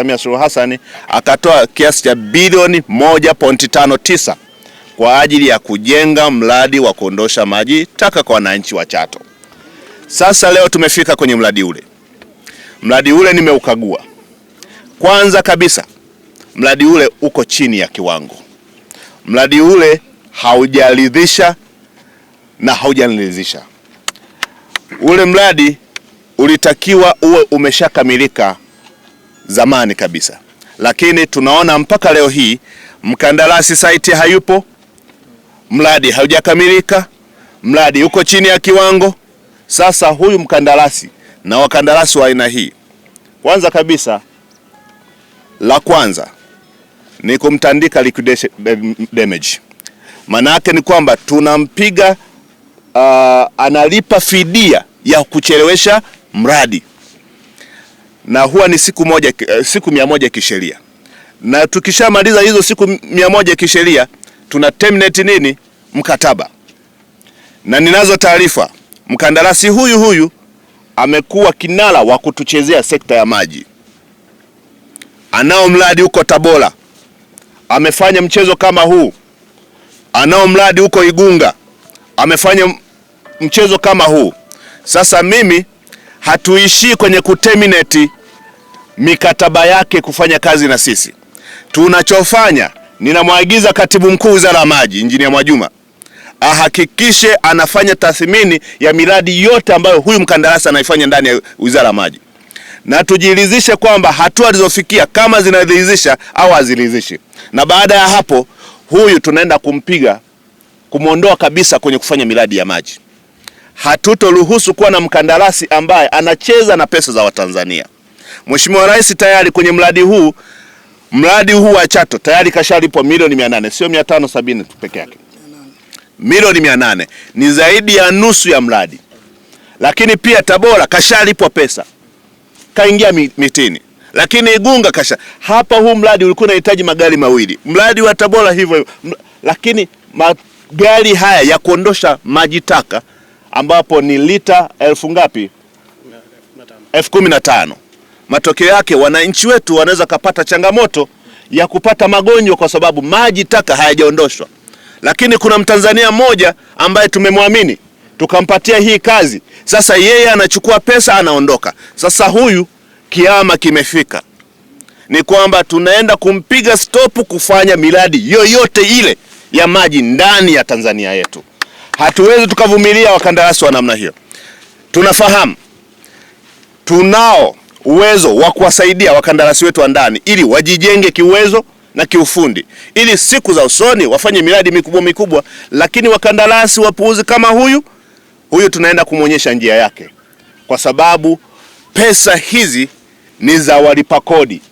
Samia Suluhu Hassan akatoa kiasi cha bilioni 1.59 kwa ajili ya kujenga mradi wa kuondosha maji taka kwa wananchi wa Chato. Sasa leo tumefika kwenye mradi ule. Mradi ule nimeukagua. Kwanza kabisa, mradi ule uko chini ya kiwango. Mradi ule haujaridhisha na haujaniridhisha. Ule mradi ulitakiwa uwe umeshakamilika zamani kabisa, lakini tunaona mpaka leo hii mkandarasi site hayupo, mradi haujakamilika, mradi uko chini ya kiwango. Sasa huyu mkandarasi na wakandarasi wa aina hii, kwanza kabisa, la kwanza ni kumtandika liquidation damage. Maana yake ni kwamba tunampiga uh, analipa fidia ya kuchelewesha mradi na huwa ni siku moja, eh, siku mia moja kisheria, na tukishamaliza hizo siku mia moja kisheria tuna terminate nini mkataba, na ninazo taarifa mkandarasi huyu huyu amekuwa kinara wa kutuchezea sekta ya maji. Anao mradi huko Tabora amefanya mchezo kama huu, anao mradi huko Igunga amefanya mchezo kama huu. Sasa mimi hatuishii kwenye kuterminate mikataba yake kufanya kazi na sisi. Tunachofanya, ninamwagiza katibu mkuu wizara ya maji Injinia Mwajuma ahakikishe anafanya tathmini ya miradi yote ambayo huyu mkandarasi anaifanya ndani ya wizara ya maji, na tujiridhishe kwamba hatua alizofikia kama zinaridhisha au haziridhishi, na baada ya hapo huyu tunaenda kumpiga kumwondoa kabisa kwenye kufanya miradi ya maji hatutoruhusu kuwa na mkandarasi ambaye anacheza na pesa za Watanzania. Mheshimiwa Rais tayari kwenye mradi huu mradi huu wa Chato tayari kashalipwa milioni 800, sio 570 tu peke yake, milioni 800 ni zaidi ya nusu ya mradi. Lakini pia Tabora kashalipwa pesa, kaingia mitini. Lakini Igunga kasha hapa, huu mradi ulikuwa unahitaji magari mawili, mradi wa Tabora hivyo hivyo, lakini magari haya ya kuondosha maji taka ambapo ni lita elfu ngapi? elfu kumi na tano. Matokeo yake wananchi wetu wanaweza kapata changamoto ya kupata magonjwa kwa sababu maji taka hayajaondoshwa. Lakini kuna Mtanzania mmoja ambaye tumemwamini tukampatia hii kazi, sasa yeye anachukua pesa anaondoka. Sasa huyu kiama kimefika, ni kwamba tunaenda kumpiga stop kufanya miradi yoyote ile ya maji ndani ya Tanzania yetu. Hatuwezi tukavumilia wakandarasi wa namna hiyo. Tunafahamu tunao uwezo wa kuwasaidia wakandarasi wetu wa ndani ili wajijenge kiuwezo na kiufundi ili siku za usoni wafanye miradi mikubwa mikubwa, lakini wakandarasi wapuuzi kama huyu huyu, tunaenda kumwonyesha njia yake, kwa sababu pesa hizi ni za walipa kodi.